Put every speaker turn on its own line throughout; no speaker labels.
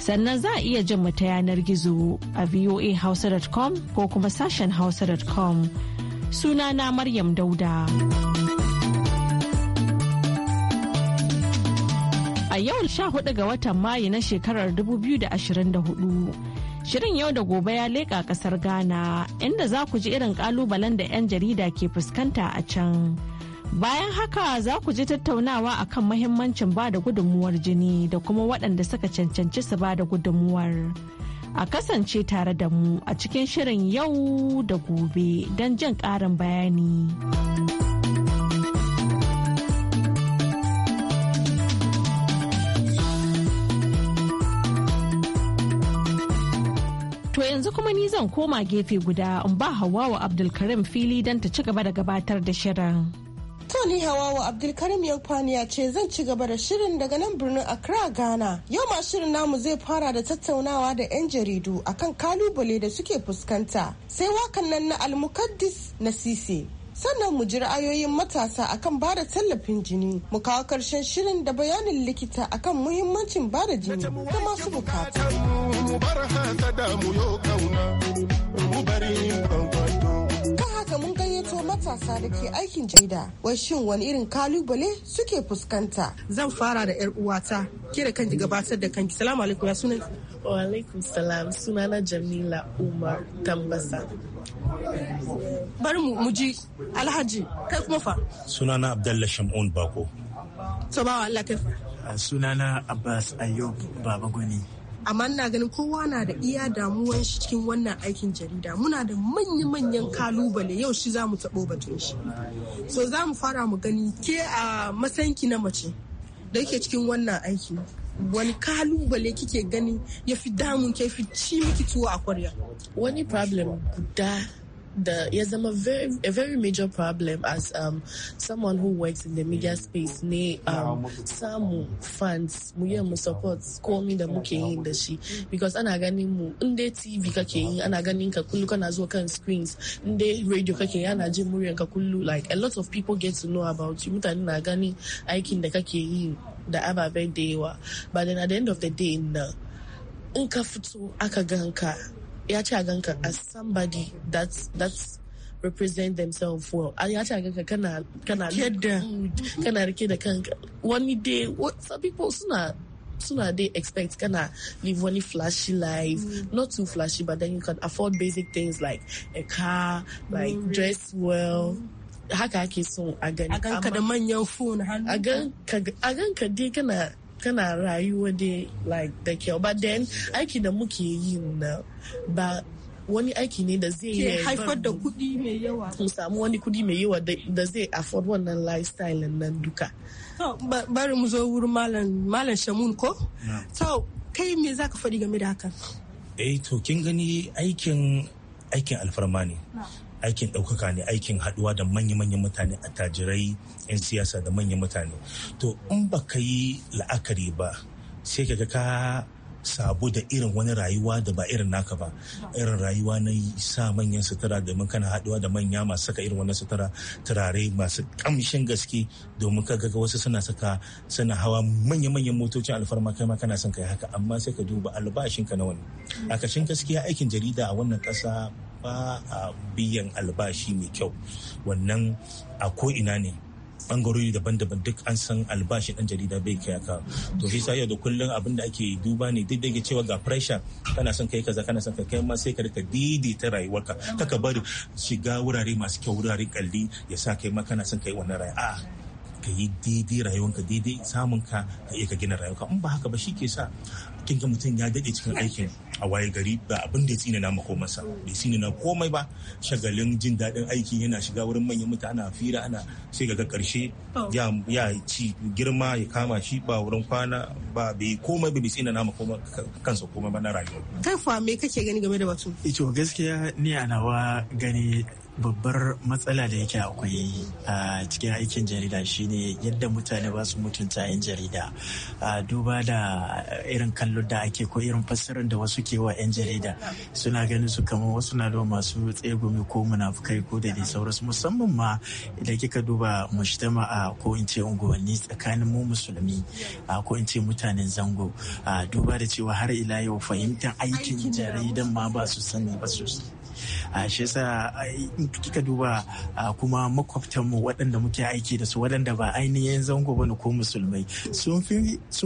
sannan za a iya jin mu ta yanar gizo a voahausa.com ko kuma sashen hausa.com na maryam dauda a yau 14 ga watan mayu na shekarar 2024 Shirin yau da gobe ya leƙa ƙasar Ghana inda za ku ji irin ƙalubalen da 'yan jarida ke fuskanta a can. Bayan haka za ku ji tattaunawa a kan mahimmancin ba da gudunmuwar jini da kuma waɗanda suka cancanci su ba da gudunmuwar. A kasance tare da mu a cikin shirin yau da gobe don jin ƙarin bayani. To yanzu kuma ni zan koma gefe guda in ba wa Abdulkarim fili don ta ci gaba da gabatar da shirin.
To ni Hawawa Abdulkarim ya ce zan ci gaba da shirin daga nan birnin Accra, Ghana. Yau ma shirin namu zai fara da tattaunawa da 'yan jaridu akan kalubale da suke fuskanta. Sai wakan nan na Almukaddis na Sise. Sannan mu ji ra'ayoyin matasa akan ba da tallafin jini. Mu kawo karshen shirin da bayanin likita akan muhimmancin ba da jini ga
masu
bukata.
haka mun gayyato matasa da ke aikin jarida. Wai shin wani irin kalubale suke fuskanta? Zan fara da 'yar uwata. Ke da kanki gabatar da kanki. Salamu alaikum ya sunan.
Wa alaikum salam. Sunana Jamila Umar Tambasa.
Bari mu ji Alhaji. Kai kuma fa.
Sunana Abdallah Shamun Bako.
To bawa Allah kai
fa. Sunana Abbas Baba Babagoni.
amma ina ganin kowa na da iya damuwan shi cikin wannan aikin jarida muna da manya-manyan kalubale yau shi za mu taɓo batun shi so za mu fara mu gani ke a masanki na mace da yake cikin wannan aiki wani kalubale kike gani
ya fi damun ke fi ci miki tuwo a kwarya wani problem guda the ya zama very, a very major problem as um, someone who works in the media eh, space oh, ne um, samu fans mu yi mu support komi da muke yin da shi because ana ganin mu in dai tv kake yi ana ganin ka kullu kana zuwa kan screens in radio kake ana jin muryan ka kullu like a lot of people get to know about you mutane na ganin aikin da kake yi da ababen da yawa but then at the end of the day na in ka fito aka ya ce a as somebody that's that's represent themselves well a ya ce ganka kana kana yadda kana rike da kanka One day what some people suna sooner they expect kinda live one flashy life, mm. not too flashy, but then you can afford basic things like a car, like mm. dress well. Mm. Haka ake so a gani. A ganka your manyan phone hannu. A ganka dai kana kana rayuwa dai like da kyau but then aiki da muke yi na ba wani aiki ne da zai yi haifar da kudi mai yawa mu samu wani kudi mai yawa da zai afford wannan lifestyle nan duka bari mu zo wurin malam malam shamun ko kai me zaka
faɗi game da haka
eh to kin gani aikin aikin alfarma ne aikin ɗaukaka ne aikin haɗuwa da manya-manyan mutane a tajirai 'yan siyasa da manyan mutane to in ba ka yi la'akari ba sai ka ka sabu da irin wani rayuwa da ba irin naka ba irin rayuwa na sa manyan sutura domin kana haɗuwa da manya masu saka irin wani sutura turare masu kamshin gaske domin ka ga wasu suna saka suna hawa manya-manyan motocin alfarma kai ma kana son kai haka amma sai ka duba albashinka na wani a kashin gaskiya aikin jarida a wannan ƙasa ba a biyan albashi mai kyau wannan a ko ina ne bangarori daban-daban duk an san albashin ɗan jarida bai kai ka to shi yau da kullun abin da ake duba ne duk da yake cewa ga pressure kana son kai kaza kana son kai kai ma sai ka rika daidaita rayuwarka kaka bari shiga wurare masu kyau wurare kalli ya sa kai ma kana son kai wannan rayuwa ka yi daidai rayuwanka daidai samun ka ka iya ka gina rayuwanka in ba haka ba shi ke sa kin ga mutum ya dade cikin aikin a waye gari ba abin da ya tsina na makomarsa bai tsina na komai ba shagalin jin daɗin aiki yana shiga wurin manyan mutane ana fira ana sai ga karshe ya ci girma ya kama shi ba wurin kwana ba bai komai ba bai tsina na kansa
komai ba na rayuwa
kai fa me kake gani game da batun
ito eh gaskiya ni a nawa gani babbar matsala da yake akwai a cikin aikin jarida shine yadda mutane ba su mutunta 'yan jarida duba da irin kallon da ake ko irin fassarar da wasu ke wa 'yan jarida suna ganin su kamar wasu na da masu tsegumi ko munafukai ko da dai sauransu musamman ma idan kika duba mujtama a ko in ce unguwanni tsakanin mu musulmi a ko in ce mutanen zango duba da cewa har ila yau fahimtar aikin jaridan ma ba su sani ba sosai shi yasa kika duba kuma makwabtan mu waɗanda muke aiki da su waɗanda ba ainihin zango ba ko musulmai sun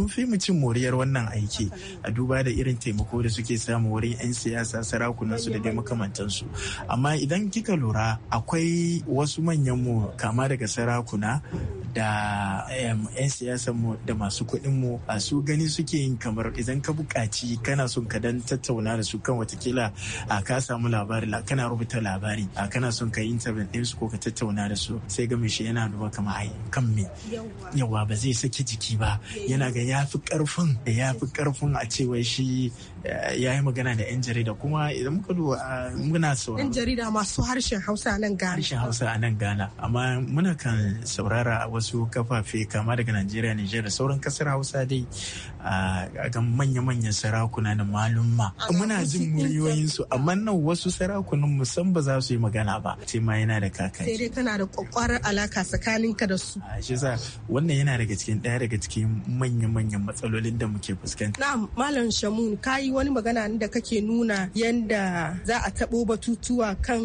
fi mu cin moriyar wannan aiki a duba da irin taimako da suke samu wurin 'yan siyasa sarakunansu da dai makamantansu amma idan kika lura akwai wasu manyan mu kama daga sarakuna da 'yan mu da masu kuɗin mu a su gani suke yin kamar idan ka buƙaci kana son ka dan tattauna da su kan watakila a ka samu labari labari kana rubuta labari a kana son ka yi din su ko ka tattauna da su sai ga shi yana duba kama ai kan me yawa ba zai saki jiki ba yana ga yafi karfin da yafi karfin a cewa shi eh, ya yi magana da yan jarida kuma idan muka duba muna saurara yan
jarida masu harshen Hausa nan Ghana harshen
Hausa a nan Ghana amma muna kan saurara a wasu kafafe kama daga Najeriya Nijar da sauran kasar Hausa dai a ga manya-manyan sarakuna da malumma muna jin muryoyinsu amma nan wasu sarakuna sarakunan musan ba za su yi magana ba ce ma yana da kaka sai
dai kana da kwakwarar alaka tsakanin ka da su a
shi sa wannan yana daga cikin daya daga cikin manya-manyan matsalolin da muke fuskanta
na'am malam shamun kayi wani magana da kake nuna yanda za a tabo batutuwa kan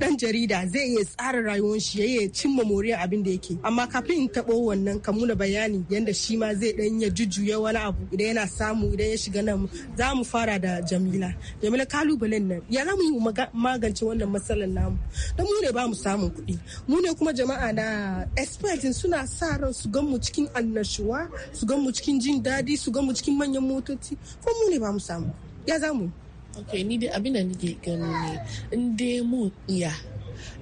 dan jarida zai iya tsara rayuwar shi yayi cimma moriyar abin da yake amma kafin in tabo wannan ka muna bayani yanda shi ma zai dan ya jujjuya wani abu idan yana samu idan ya shiga nan za mu fara da jamila jamila kalubalen nan ya mu yi magance wannan matsalar namu don mu ne ba mu samun kuɗi mu ne kuma jama'a na expertin suna sa ran su gan mu cikin annashuwa su gan mu cikin jin daɗi su gan mu cikin manyan motoci ko mu ne ba mu samu
ya za mu ok ni dai abin da nake gano ne in dai mu iya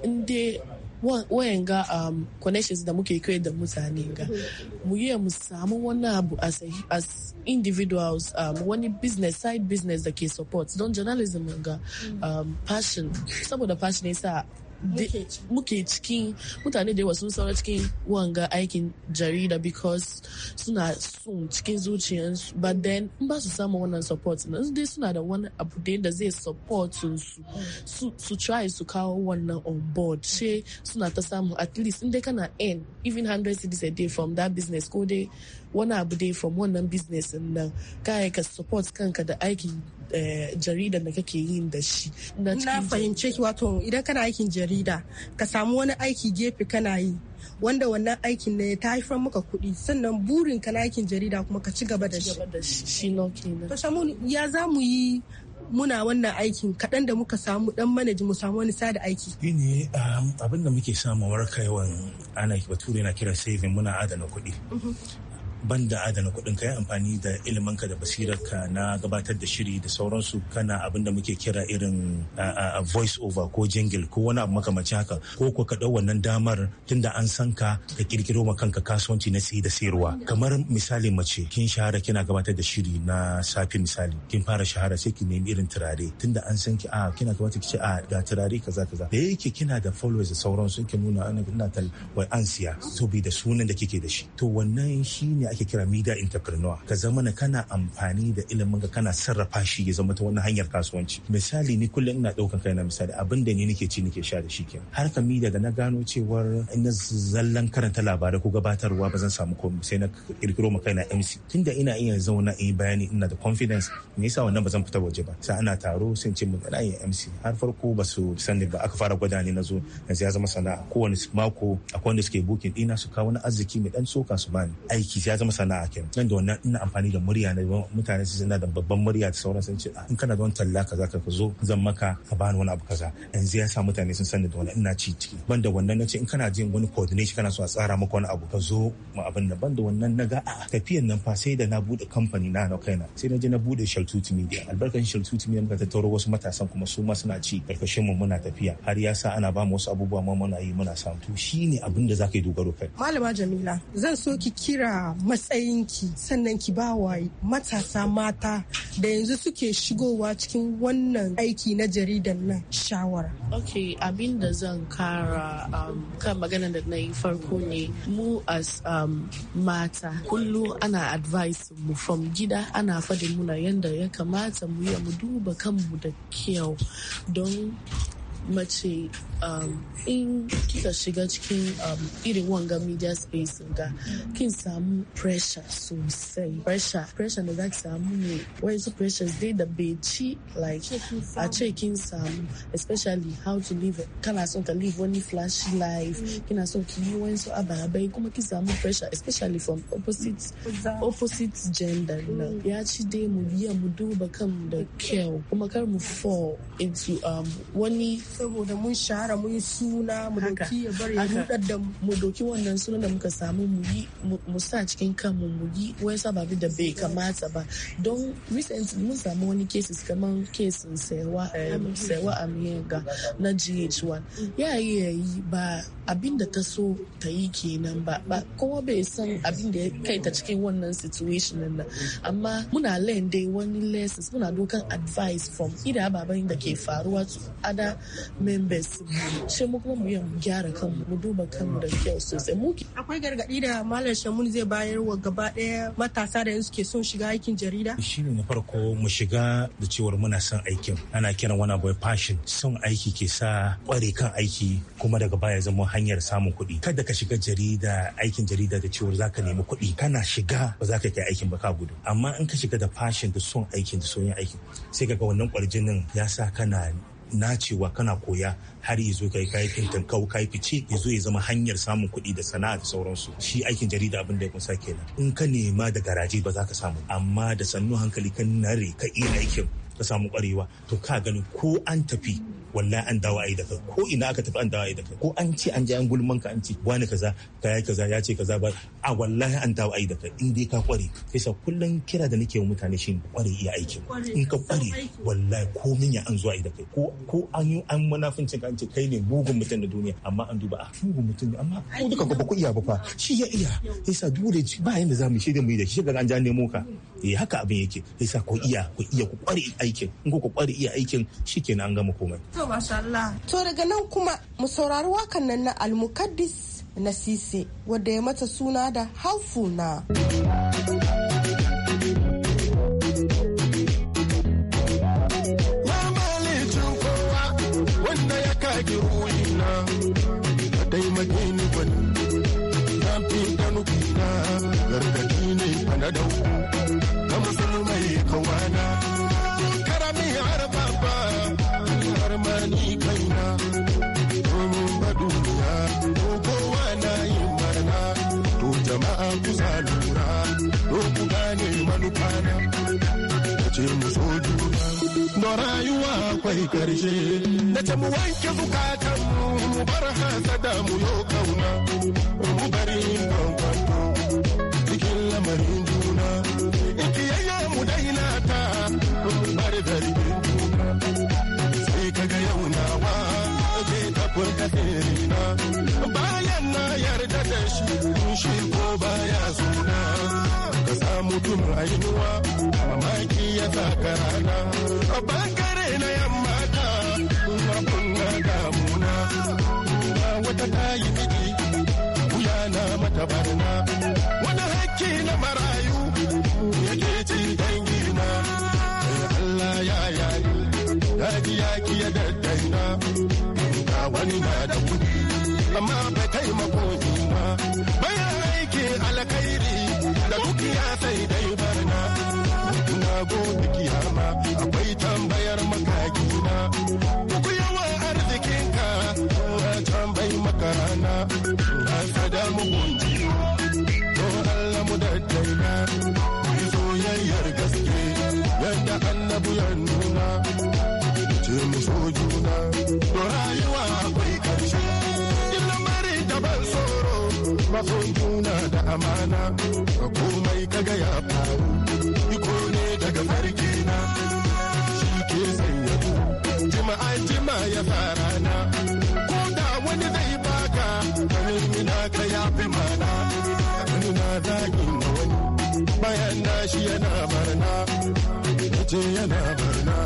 in dai wayan ga um, connections da muke kai da mutane ga mm-hmm. mu yi mu samu wani abu as, individuals um, wani business side business da ke support don journalism ga mm. um, passion saboda passion yasa muke cikin mutane da yawa sun saura cikin wanga aikin jarida because suna sun cikin zuciyarsu but then in ba su samu wannan support na dai suna da wani abu da da zai support su su try su kawo wannan on board she suna ta samu at least in dai kana earn even 100 cities a day from that business ko dai wani abu dai from wannan business nan kai ka support kanka da aikin eh, jarida da kake yi da shi na fahimce ki wato idan kana aikin
jarida ka samu wani aiki gefe kana yi wanda wannan aikin ne ta haifar maka kuɗi sannan burin kana aikin jarida kuma ka ci gaba da
shi to
ya za mu yi muna wannan aikin kaɗan da muka samu ɗan manaji mu samu wani sada aiki. Gini
um, abin da muke samu warka yawan ana bature na kira saving muna adana kuɗi. Mm-hmm. banda adana kuɗin ka yi amfani da ka da basirarka na gabatar da shiri da sauransu kana abin da muke kira irin voice over ko jingle ko wani abu makamacin haka ko ko ka wannan damar tunda an san ka ka kirkiro ma kanka kasuwanci na siyi da sayarwa kamar misali mace kin shahara kina gabatar da shiri na safe misali kin fara shahara sai ki nemi irin turare tunda an san ki a kina gabatar ki ce a ga turare kaza kaza da yake kina da followers da sauransu kin nuna ana ina tal wai an to bi da sunan da kike da shi to wannan shine ake kira media entrepreneur ka zama na kana amfani da ilimin ka kana sarrafa shi ya zama ta wani hanyar kasuwanci misali ni kullum ina daukan kaina misali abin da ni nake ci nake sha da shi kenan harka media da na gano cewar ina zallan karanta labarai ko gabatarwa ba zan samu komai sai na kirkiro ma kaina MC tunda ina iya zauna in bayani ina da confidence me yasa wannan ba zan fita waje ba sai ana taro sai ce mu ina yin MC har farko ba su sani ba aka fara gwada ne na zo yanzu ya zama sana'a kowane mako akwai wanda suke bukin dina su kawo na arziki mai dan soka su bani aiki ya zama sana'a kenan nan da wannan ina amfani da murya na mutane su da babban murya da sauran sun ce ah, in kana da wani talla kaza ka zo zan maka ka bani wani abu kaza yanzu ya sa mutane sun sani da wannan ina ci ciki ban da wannan na ce in kana jin wani coordination kana so a tsara maka wani abu ka zo ma abin da ban da wannan na ga a tafiyan nan fa sai da na bude kamfani na na kaina sai na je na bude shaltuti Media albarkan shaltuti Media muka tattaro wasu matasan kuma su ma suna ci karkashin mu muna tafiya har ya sa ana ba mu wasu abubuwa ma muna yi muna samu to shine abin da zaka yi dogaro kai
malama Jamila zan so ki kira matsayinki sannan ki ba wa matasa mata da yanzu suke shigowa cikin wannan aiki na jaridan nan shawara.
Ok, abin da zan kara um, kan magana da na yi farko ne mu as um, mata kullum ana advice mu from gida ana fadin muna yadda ya kamata mu yi mu duba kanmu da kyau don mace um, in kika shiga cikin um, irin wanga media space ga kin samu pressure sosai pressure pressure da za ki samu ne wayansu pressures dai da bai ci like a ce kin samu especially how to live kana son ka live wani flashy life mm. kina son ki yi wayansu ababai kuma ki samu pressure especially from opposite opposite gender mm. na ya ci dai mu biya mu duba kan da kyau kuma kar mu fall into um, wani saboda mun shahara mun suna mu doki ya bari ya da mu doki wannan suna da muka samu mu yi mu sa cikin kanmu mu yi wai bi da bai kamata ba don recently mun samu wani cases kamar kesin a amiyaga na gh1 mm. ya yi ya yi ba abin da ta so ta yi kenan ba ba kowa bai san abin da ya kai ta cikin wannan situation nan amma muna learn dai wani lessons muna dokan advice from ida baban da ke faruwa to other members shi mu kuma mu yi mu gyara kan mu duba kan da kyau sosai mu akwai gargadi da malam shamun zai
bayar wa gaba daya matasa da suke son shiga aikin jarida
shi ne na farko mu shiga da cewar muna son aikin ana kiran wani boy fashion son aiki ke sa kware kan aiki kuma daga baya zama hanyar samun kuɗi kada ka shiga jarida aikin jarida da cewar zaka nemi kuɗi kana shiga ba za ka kai aikin ba ka gudu amma in ka shiga da fashion da son aikin da son aikin sai ka ga wannan kwarjinin ya sa kana Na cewa kana koya har yi zo kai kai fintan kau kai fice ya zo ya zama hanyar samun kuɗi da sana'a da sauransu shi aikin jarida abin da ya kunsa kenan in ka nema da garaje ba za ka samu amma da sannu hankali kan nare ka iya aikin ka samu kwarewa to ka gani ko an tafi wallahi an dawo yi da kai ko ina aka tafi an dawo yi da kai ko an ce an je an gulman ka an ce wani kaza ka yi kaza ya ce kaza ba a wallahi an dawo yi da kai in dai ka kware kai sa kullun kira da nake wa mutane shi kware iya aiki in ka kware wallahi ko min ya an zo yi da kai ko ko an yi an munafincin ka an ce kai ne mugun mutum da duniya amma an duba a ah, mugun mutum ne amma ko duka ba ku iya ba fa shi ya iya kai sa dole ba yanda za mu shi da mu yi da shi ga an ja nemo ka eh haka abin yake kai sa ko iya ko iya ku kware aikin in ku kware iya aikin shikenan an gama komai
to masha Allah to daga nan kuma mu saurari wakan nan na almukaddis na sise wadda ya mata suna da haufuna. na
na mu wanke zukatan mu bar hasada mu yo kauna mu bari bambam cikin lamarin juna ikiyayya mu daina ta mu bar zargin juna sai kaga yau nawa je ta furta bayan na yarda da shi shi ko baya suna ka samu tun rayuwa mamaki ya saka rana da barna wani hakki na marayu yake ci dangi na Allah ya yayi ya ji ya ki ya daddaina ga wani na da kudi amma bai taimako makoni ba bai aiki alkhairi da dukiya sai dai ba maso juna da amana ga komai kaga ya faru iko ne daga farki na shi ke sanya jima'a jima ya fara na ko da wani zai baka kamin mina ka ya fi mana abin na zagin na wani bayan na shi yana barna ce yana barna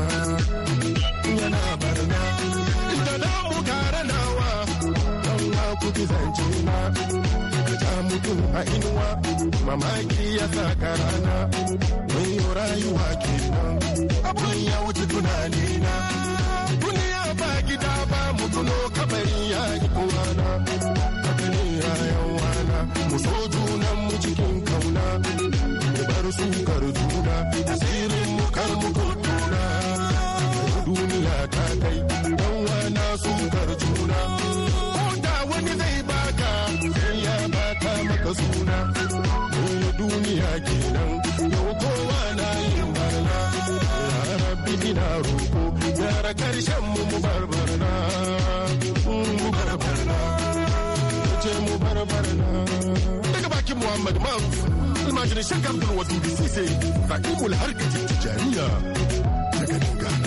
yana barna ita da ukara nawa don ku zance na ta mutu a inuwa mamaki ya saka rana mun yi rayuwa kenan abun ya wuce tunani na duniya ba gida ba mu tuno kabari ya yi kowana haka wana mu so junan mu cikin kauna mu bar sukar juna asirin mu kar mu duniya kenan yau kowa na yin barna ya ina karshen mu mu mm, mu ce mu daga bakin muhammad ma'ruf almajirin shakar bulwatu sise fa'imul daga dangana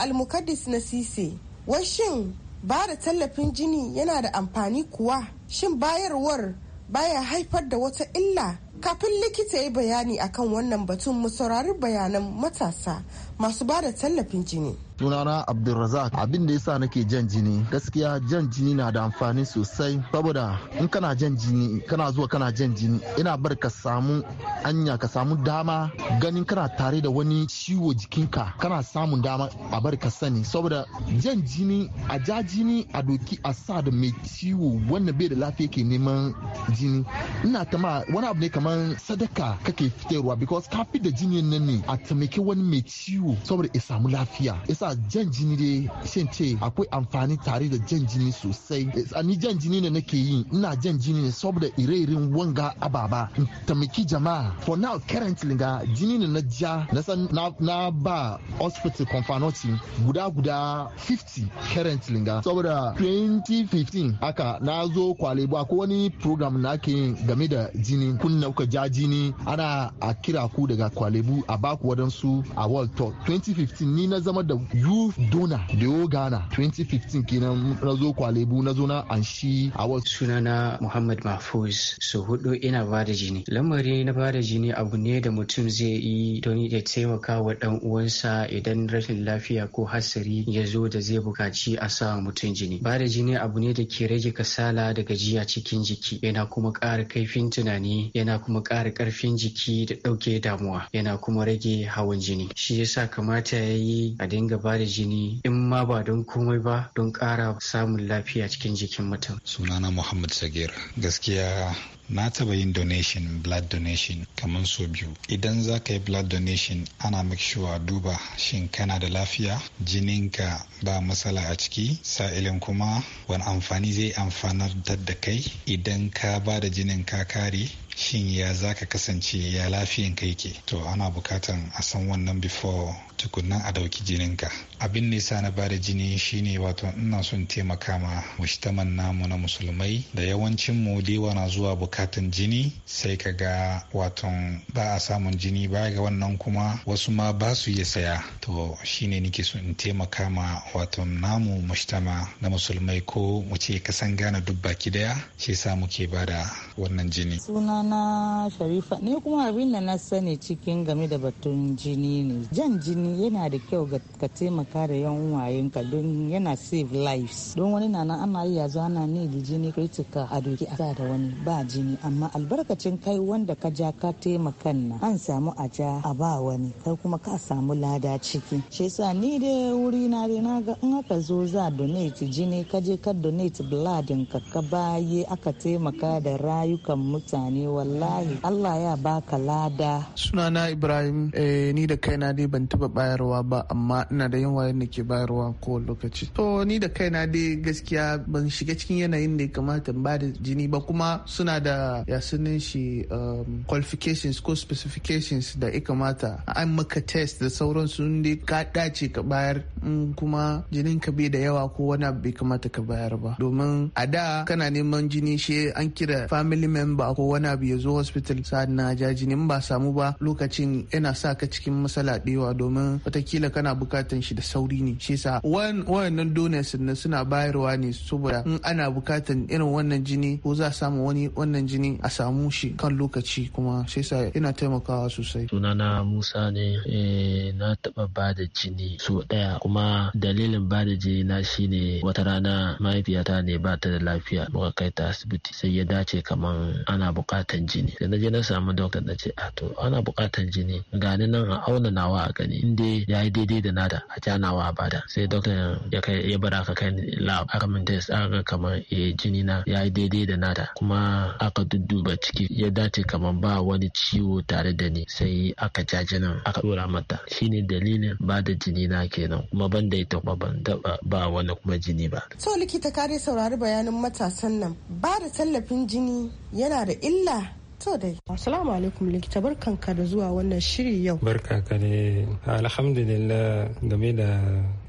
almukaddis na sise washin ba da tallafin jini yana da amfani kuwa shin bayarwar baya haifar da wata illa kafin likita ya bayani akan wannan batun mu saurari bayanan matasa masu ba da tallafin jini.
sunana abdulrazak abin da yasa nake jan jini gaskiya jan jini na da amfani sosai saboda in kana jan jini kana zuwa kana jan jini ina bar ka samu anya ka samu dama ganin kana tare da wani ciwo jikinka kana samun dama a bar ka sani saboda jan jini a ja jini a doki a sa da mai ciwo wannan bai da lafiya ke neman jini ina ta ma wani abu ne kamar sadaka kake fitarwa because ka fi da jini nan ne a taimaki wani mai ciwo bugu saboda ya samu lafiya yasa jan jini dai shin ce akwai amfani tare da jan jini sosai ni jan jini ne nake yi ina jan jini ne saboda ire-iren wanga ababa in tamaki jama'a for now currently ga jini ne na ja na san na ba hospital confanoti guda guda 50 currently ga saboda 2015 aka na zo kwalebu akwai wani program na ke yin game da jini kunna kuka ja jini ana a kira ku daga kwalebu a baku wadansu a world talk 2015 ni na zama da youth donor da yau Ghana 2015 kenan na zo kwalebu na zo na anshi a wasu. na Muhammad Mahfuz su hudu ina ba da jini. Lamari na bada jini abu ne da mutum zai yi don ya taimaka wa
dan
uwansa idan rashin lafiya ko hasari ya zo da zai bukaci a sa mutum jini. Ba da jini abu ne da ke rage kasala da gajiya cikin jiki yana kuma ƙara kaifin tunani yana kuma ƙara ƙarfin jiki da ɗauke damuwa yana kuma rage hawan jini. Shi yasa yasa kamata ya yi a dinga ba da jini in ma ba don komai ba don ƙara samun lafiya cikin jikin mutum. Sunana Muhammad Sagir gaskiya na taba yin donation blood donation kamar so biyu idan za ka yi blood donation ana make sure duba shin kana da lafiya jinin ka ba matsala a ciki sa'ilin kuma wani amfani zai amfanar da kai idan ka ba da jinin ka kare shin ya za ka kasance ya lafiyan ka yake to ana bukatan a san wannan before tukunan a dauki jinin ka. abin ne sa na bada jini shine wato ina son taimaka ma mushtaman namu na musulmai da yawancin mu dewa na zuwa bukatan jini sai ka ga wato ba a samun jini ba ga wannan kuma wasu ma ba su iya saya to shine nike so in taimaka ma waton namu mushtama na musulmai ko mu ce kasan gane duk baki daya shi yasa muke bada wannan jini sunan
sunana sharifa ne kuma abin da na sani cikin game da batun jini ne jan jini yana da kyau ka taimaka da yan ka don yana save lives don wani na nan ana iya zuwa ana ne da jini critical a doki a da wani ba jini amma albarkacin kai wanda ka ja ka taimakan na an samu a ja a ba wani kai kuma ka samu lada ciki shi yasa ni da wuri na dai na ga in aka zo za donate jini ka je ka donate blood ka ka baye aka taimaka da rayukan mutane
wallahi Allah ya baka lada. Sunana Ibrahim eh, ni da kaina dai ban taba bayarwa ba amma ina da yin wayan da ke bayarwa ko lokaci. To ni da kaina dai gaskiya ban shiga cikin yanayin da ya kamata ba da jini ba kuma suna da ya sunan shi um, qualifications ko specifications da ya kamata an maka test da sauran su ne ka dace ka bayar in kuma jinin ka bai da yawa ko wani abu bai kamata ka bayar ba domin a da kana neman jini shi an kira family member ko wani ya zo hospital sa'ad na jaji jini, in ba samu ba lokacin yana sa ka cikin matsala ɗewa domin watakila kana bukatan shi da sauri ne shi sa wayannan donors na suna bayarwa ne saboda in ana bukatan irin wannan jini ko za a samu wani wannan jini a samu shi kan lokaci kuma shi sa, yana taimakawa sosai
sunana musa ne eh, na taba ba da jini so daya kuma dalilin ba da jini na shine wata rana mahaifiyata ne ba ta da lafiya muka kai ta asibiti sai ya dace kamar ana bukatan buƙatan jini da na je na samu doktor na ce a to ana buƙatan jini gani nan a auna nawa a gani in dai ya yi daidai da nada a ja nawa a bada sai doktor ya kai ya bar aka kai lab aka min test aka kamar eh, jini na ya yi daidai da nada kuma aka dudduba ciki ya dace kamar ba wani ciwo tare da ni sai aka ja jinin aka dora mata shine dalilin ba da jini na kenan kuma ban da ita kuma ban ba wani kuma jini ba.
so likita kare saurari bayanin matasan nan ba da tallafin jini yana da illa To dai. Assalamu alaikum likita barkanka da zuwa wannan shiri yau.
Barka ka ne. Alhamdulillah game da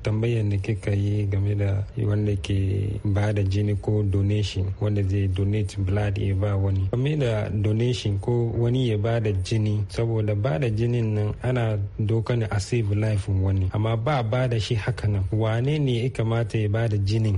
tambayar da kika yi game da wanda ke ba da jini ko donation wanda zai donate blood ya ba wani game da donation ko wani ya ba da jini saboda ba da jinin nan ana doka ne a save life wani amma ba ba da shi haka nan wane ne ya kamata ya ba da jinin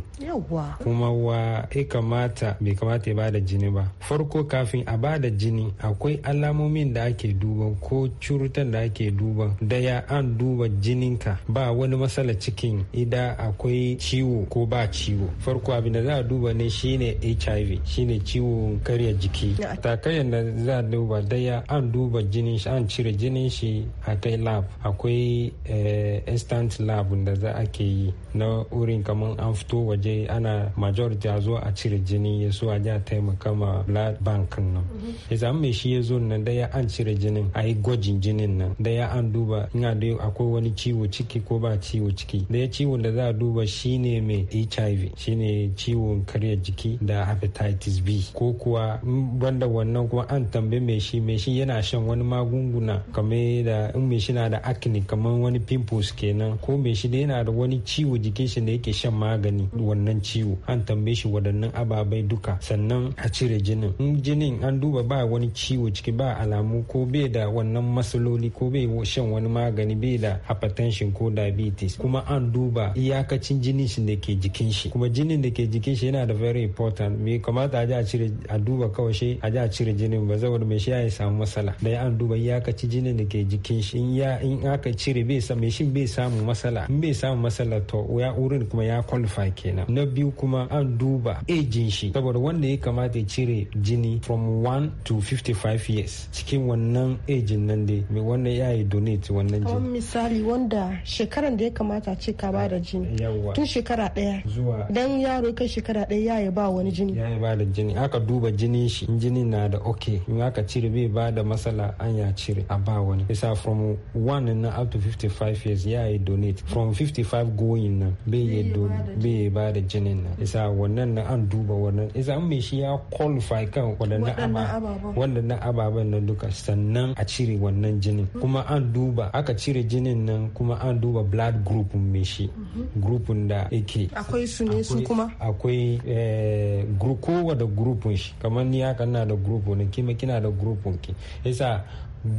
kuma wa ya kamata bai kamata ya ba da jini ba farko kafin a ba da jini akwai alamomin da ake duba ko curutan da ake duba daya an duba jininka ba wani matsala ciki cikin ida akwai ciwo ko ba ciwo farko abin da za a duba ne shine hiv shine ciwon karya jiki takayyar da za a duba daya an duba jinin shi an cire jinin shi a kai lab akwai eh, instant lab da za a ke yi na urin kamar an fito waje ana majority a zo a cire jini ya so a ja taimaka ma blood bank nan
mhm.
ya mai shi ya zo nan daya an cire jinin a yi gwajin jinin nan ya an duba da akwai wani ciwo ciki ko ba ciwo ciki da ya ciwon da za a duba shine mai hiv shine ciwon karya jiki da hepatitis b ko kuwa banda wannan kuma an tambaye mai shi mai shi yana shan wani magunguna kamar da in mai shi na da acne kamar wani pimples kenan ko mai shi da yana da wani ciwo jikin shi da yake shan magani wannan ciwo an tambaye shi waɗannan ababai duka sannan a cire jinin in jinin an duba ba wani ciwo ciki ba alamu ko bai da wannan masaloli ko bai shan wani magani bai da hypertension ko diabetes kuma an duba iyakacin jinin shi da ke jikin shi kuma jinin da ke jikin shi yana da very important me kamata a ji a cire a duba kawai shi a ji a cire jinin ba saboda mai shi ya samu matsala da an duba iyakacin jinin da ke jikin shi in ya in aka cire bai samu shi bai samu matsala in bai samu matsala to ya urin kuma ya qualify kenan na biyu kuma an duba ejin shi saboda wanda ya kamata ya cire jini from 1 to 55 years cikin wannan ejin nan dai mai wannan ya yi donate wannan jini
misali wanda shekaran da ya kamata ce ka ba da jini tun shekara daya dan yaro kai shekara daya. ya ba wani jini
ya ba da jini aka duba jini shi jini na da ok in aka cire bai ba da masala. an ya cire a ba wani isa from 1 na up to 55 years ya yi donate from 55 going na. bai ya ba da jini na. isa wannan na an duba wannan isa mai shi ya qualify kan waɗannan ababen na duka sannan a cire wannan jinin kuma an duba aka cire jinin nan kuma an duba blood group neme shi grupun da yake akwai
su ne su kuma
akwai eh, kowa da grupun shi kamar ni haka na da grupu ne kima kina da grupun ki yasa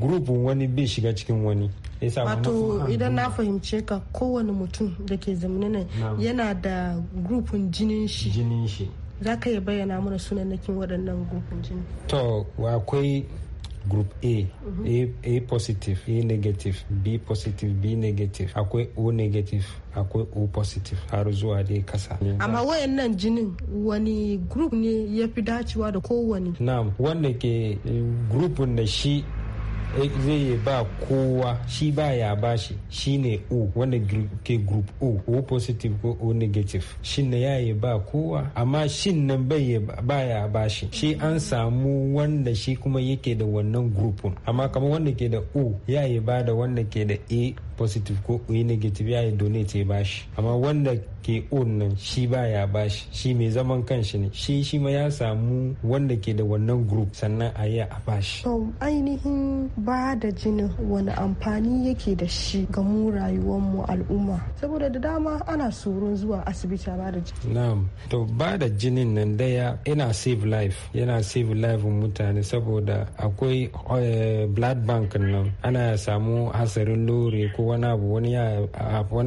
grupun wani bai shiga cikin wani yasa wato idan na
fahimce ka kowane mutum da ke zamanin nan yana da grupun jinin
shi jinin shi
za ka yi bayyana mana sunanakin waɗannan grupun jini
to akwai group A, A, A positive, A negative, B positive, B negative, akwai O negative, akwai O positive har zuwa dai kasa. Amma
wayannan jinin wani group ne ya fi dacewa da kowane.
Na'am, wanda ke eh, grupun da shi Eh, zai yi ba kowa shi ba ya bashi shi ne o wanda ke group o o positive ko o negative shin ya yi ba kowa amma shin nan bai ba ya bashi shi an samu wanda shi kuma yake da wannan group amma kamar wanda ke da o ya yi ba da wanda ke da a positive ko o negative ya yi donate ya bashi amma wanda ke on nan shi baya bashi shi mai zaman kanshi ne shi shi ma ya samu wanda ke da wannan group sannan a yi a bashi.
to ainihin ba da jinin wani amfani yake da shi ga mu mu al'umma saboda da dama ana tsoron zuwa asibiti ba da jini. na'am
to ba da jinin nan daya yana save life yana save life mutane saboda akwai eh, blood bank nan ana samu hasarin lore ko wani abu wani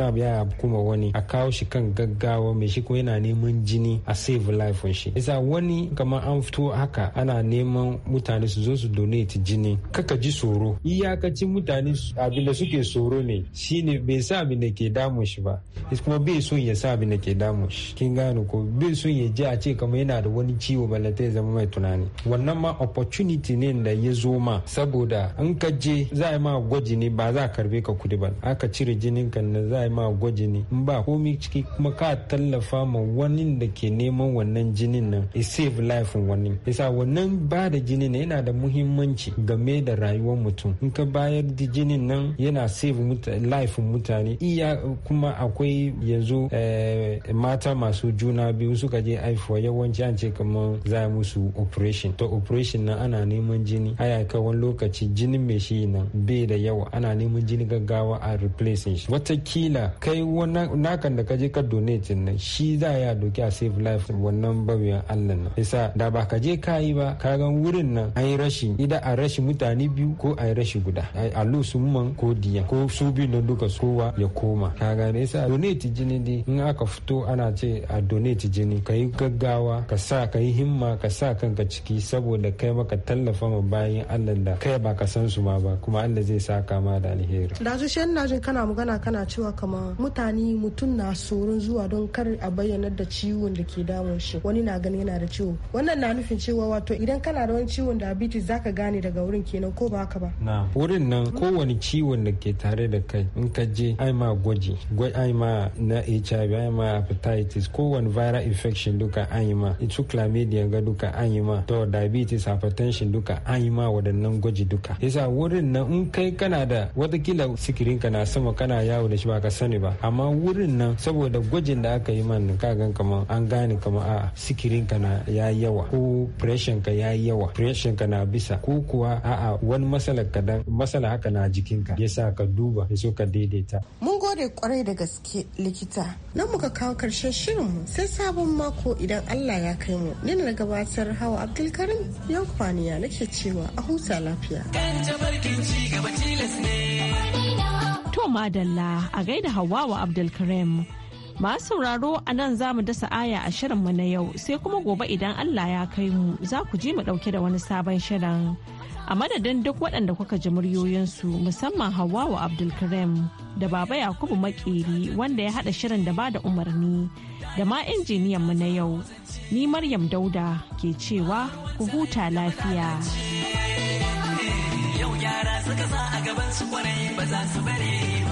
abu ya kuma wani a kawo shi kan gaggawa mai shi kuma yana neman jini a save life shi isa wani kamar an fito haka ana neman mutane su zo su donate jini kaka ji tsoro iyakaci mutane abinda suke tsoro ne shine bai sa abin da ke damun shi ba kuma bai son ya sa abin da ke damun shi kin gano ko bai son ya je a ce kamar yana da wani ciwo ballata ya zama mai tunani wannan ma opportunity ne da ya zo ma saboda in ka je za ma gwaji ne ba za a karbe ka kudi ba aka cire jinin ka na za ma gwaji ne in ba komi ciki kuma ka tallafa ma wani da ke neman wannan jinin nan a save life wani yasa wannan ba da jinin nan yana da muhimmanci game da rayuwar mutum in ka bayar da jinin nan yana save life mutane iya kuma akwai yanzu eh, mata masu juna biyu suka je haifuwa yawanci an ce kamar za musu operation to operation na ana neman jini aya ka wani lokaci jinin mai shi nan bai da yawa ana neman jini gaggawa a replacing watakila kai wani nakan da ka je ka donate nan shi za ya doki a save life wannan bamiyan allah nan isa da ba ka je ka yi ba ka gan wurin nan an yi rashi idan a rashi mutane biyu ko a yi rashi guda a lusu man ko diya ko su biyu na duka kowa ya koma ka ne isa donate jini di in aka fito ana ce a donate jini ka yi gaggawa ka sa ka yi himma ka sa kanka ciki saboda kai maka tallafa ma bayan allah da kai ba ka san su ma ba kuma allah zai sa kama da alheri
da su shi kana magana kana cewa kama mutane mutum na tsoron zuwa don kar a bayyana da ciwon da ke damun shi wani na gani yana da ciwo wannan na nufin cewa wato idan kana da wani ciwon diabetes zaka gane daga wurin kenan ko ba haka ba
wurin nan mm. kowane ciwon da ke tare da kai in ka je ai ma gwaji ai ma na HIV ai ma hepatitis kowane viral infection duka an ma chlamydia ga duka an ma to diabetes hypertension duka ai ma waɗannan gwaji duka yasa wurin nan in kai kana da watakila sikirin ka na sama kana yawo da shi ba ka sani ba amma wurin nan saboda da gwajin da aka yi man kagan kama an gane kama a sikirin ka na ya yawa ko pression ka ya yawa pression ka na bisa ko kuwa a'a wani masala dan masala haka na jikin ka yasa ka duba ya so ka daidaita
mun gode kwarai da gaske likita nan muka kawo karshen shirin mu sai sabon mako idan Allah ya kai mu ni na gabatar hawa Abdulkarim na nake cewa
a huta lafiya
To madalla a gaida Hawawa Abdulkarim Masu sauraro a nan za mu dasa aya a shirinmu na yau sai kuma gobe idan Allah ya kai mu za ku ji mu ɗauke da wani sabon shirin. A madadin duk waɗanda kuka ji muryoyinsu musamman wa Abdulkarim da Baba Yakubu Makeri wanda ya haɗa shirin da bada umarni da ma injiniyan mu na yau. Ni Maryam Dauda ke cewa ku huta lafiya.
Yau yara suka sa a gaban su kwarai ba za su bari.